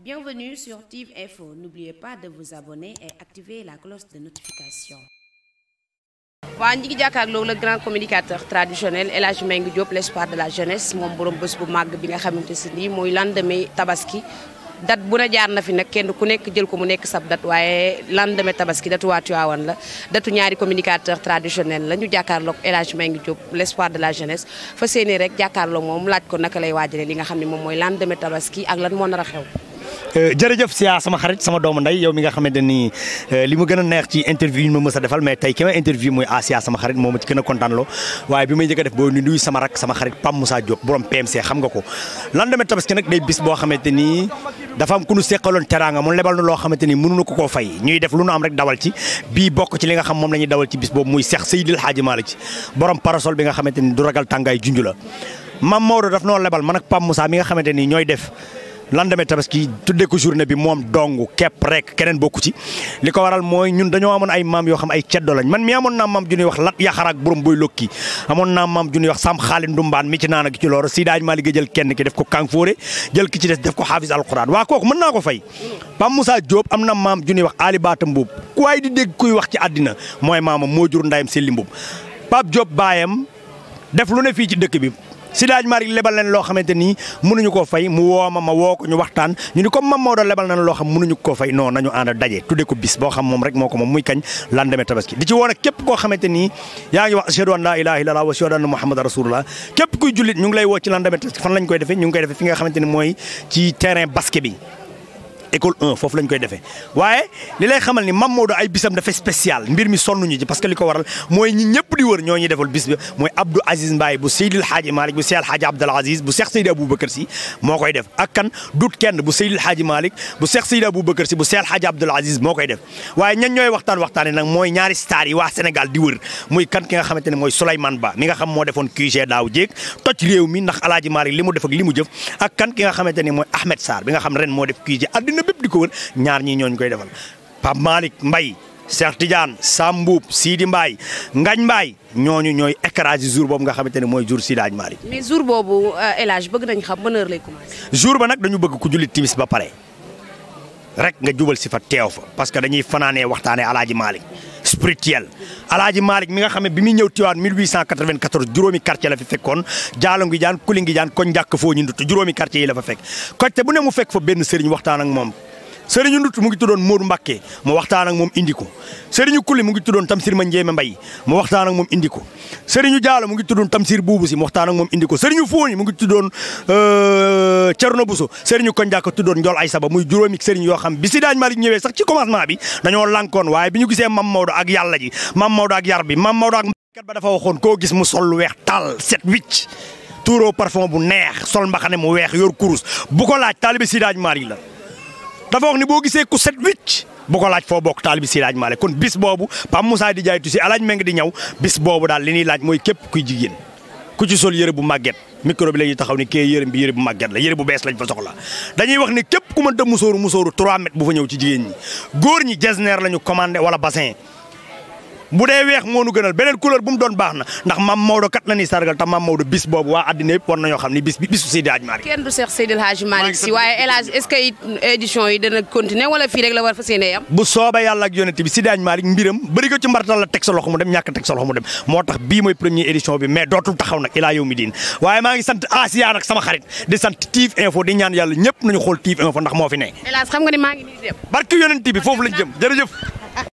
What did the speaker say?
Bienvenue sur TIV Info. N'oubliez pas de vous abonner et activer la cloche de notification. waa ñi le grand communicateur traditionnel El Hadj Mbengue Diop l'espoir de la jeunesse moom borom bés Mag, màgg bi nga xamante si nii tabaski dat bu na jaar na fi nag kenn ku nek jël ko mu nek sab dat waye lendemain tabaski datu wa Tivaouane la datu ñaari communicateur traditionnel la ñu jàkkaarloog El Hadj Mbengue Diop l'espoir de la jeunesse fa séenée rek jàkkaarloo mom laaj ko naka lay wajale li nga xam mom moy lendemain tabaski ak lan mo nar xew Euh, jërëjëf a sama xarit sama doom nday yow mi nga xamante ni euh, li mu gën a neex ci interview yi ma mës a defal mais tey ki ma interview mooy Asia sama xarit moo ma ci gën a kontaan loo waaye bi may njëkk a def boo nuyu sama rak sama xarit Pam Moussa Diop borom PMC xam nga ko lendemain tabaski nag day bis boo xamante ni dafa am ku nu seqaloon teraanga mu lebal loo xamante ni mënuñu ko fay ñuy def lu nu am rek dawal ci bii bokk ci li nga xam moom la ñuy dawal ci bis boobu muy Seex Seydil Hadji Malick borom parasol bi nga xamante ni du ragal tàngaay junj la Mam Maodo daf noo lebal man ak Pam Moussa nga xamante ni ñooy def lendemain tabaski tuddee ko journée bi moom dong képp rek keneen bokku ci li ko waral mooy ñun dañoo amoon ay maam yoo xam ay ceddo lañ man mi amoon naa maam ju ñuy wax lat yaxaraak borom boy lokki amoon naa maam ju ñuy wax sam xaali ndumbaan mi ci naana gi ci looro si daaj maa jël kenn ki def ko kàng fóore jël ki ci des def ko xaafis alquran waa kooku mën naa ko fay Pam Moussa Diop am na maam ju ñuy wax aali Bata Mbuub ku waay di dégg kuy ci àddina mooy maamam moo jur ndayam Selli Mbuub Pape Diop baayam def lu ne fii ci dëkk bi Sidaaj Mari lebal leen loo xamante nii mënuñu koo fay mu woo ma ma woo ko ñu waxtaan ñu ni comme mam Maodo lebal nañ loo xam mënuñu koo fay non nañu ànd daje tudde ko bis boo xam moom rek moo ko moom muy kañ lendemain tabaski di ci woon ak képp koo xamante nii yaa ngi wax ashhadu an laa ilaaha illallah wa ashhadu anna muhammadan rasulullah képp kuy jullit ñu ngi lay woo ci lendemain tabaski fan lañ koy defee ñu ngi koy defee fi nga xamante ni mooy ci terrain basket bi école 1 fofu lañ koy défé Why? li lay xamal ni Mamadou ay bisam dafa spécial mbir mi ñu ci parce que liko waral moy ñi ñepp di wër ñoy ñi défal bis bi moy Abdou Aziz Mbaye bu Seydil Hadji malik bu Seydil Hadji Abdou Aziz bu Cheikh Seydi Aboubacar si mo koy def ak kan dout kenn bu Seydil Hadji malik bu Cheikh Seydi si bu Seydil Hadji Abdou Aziz mo koy def wayé ñan ñoy waxtaan waxtaane nak moy ñaari star yi wa Sénégal di wër moy kan ki nga xamanteni moy mooy Ba mi nga xam mo defon qj daw jek toj rew mi ndax Alaaji malik li def ak li jëf ak kan ki nga xamanteni moy Ahmed sar bi nga xam ren mo def QG àdduna bépp di ko wër ñaar ñii ñooñ koy defal Pape Malick mbay Cheikh Tidiane Sam Mboup Sidi Mbaye Ngagne ñooñu ñooy écrasé jour boobu nga xamante ne mooy jour Sidi Hadj Malick boobu euh, El Hadj bëgg nañ xam ban heure lay commencé. jour ba nag dañu bëgg ku julli timis ba pare rek nga jubal si fa teew fa parce que dañuy fanaanee waxtaanee El Hadj spirituel alaaji Malick mi nga xam ne bi muy ñëw Tivaouane 1894 juróomi quartier la fi fekkoon jaalo ngi jaan kuli ngi jaan koñ njàkk foo ñu juróomi quartier yi la fekk côté bu ne mu fekk fa benn sëriñ waxtaan ak moom serigne ndout mu ngi tudon modou mbacke mo waxtaan ak mom indiko serigne kulli mu ngi tudon tamsir ma njeme mbay mo waxtaan ak mom indiko serigne diallo mu ngi tudon tamsir bubu si mu waxtaan ak mom indiko serigne foni mu ngi tudon euh tierno buso serigne ko ndiak tudon ndol ay saba muy juromi serigne yo xam bi sidane malik ñewé sax ci commencement bi dañoo lankone waye biñu gisé mam modou ak yalla ji mam modou ak yar bi mam modou ak kat ba dafa waxone ko gis mu sol wex tal set witch touro parfum bu neex sol mbaxane mu wex yor kurus bu ko laaj talibé sidane malik dafa wax ni boo gisee ku set bu ko laaj foo bokk taal si laaj maale kon bis boobu Pape musaa di jaay si alaaj nga di ñëw bis boobu daal li ñuy laaj mooy képp kuy jigéen ku ci sol yëre bu màgget micro bi la ñuy taxaw ni kee yëre bi yëre bu màgget la yëre bu bees lañ fa soxla dañuy wax ni képp ku mën a musóoru musóoru 3 mètres bu fa ñëw ci jigéen ñi góor ñi jesneer la ñu commandé wala bassin bu dee weex moo nu gënal beneen couleur bu mu doon baax na ndax maam Maodo kat la ñuy sargal te maam Maodo bis boobu waa àddina yëpp war nañoo xam ni bis bi bisu Seydi Hadj Malick. si waaye El Hadj est dana continuer wala fii rek la war fas yéene yam. bu soobee yàlla ak yonent bi Seydi Hadj mbiram bëri mbartal la teg loxo mu dem ñàkk teg loxo mu dem moo tax bii mooy première édition bi mais dootul taxaw nag ilaa yow mi diin waaye maa ngi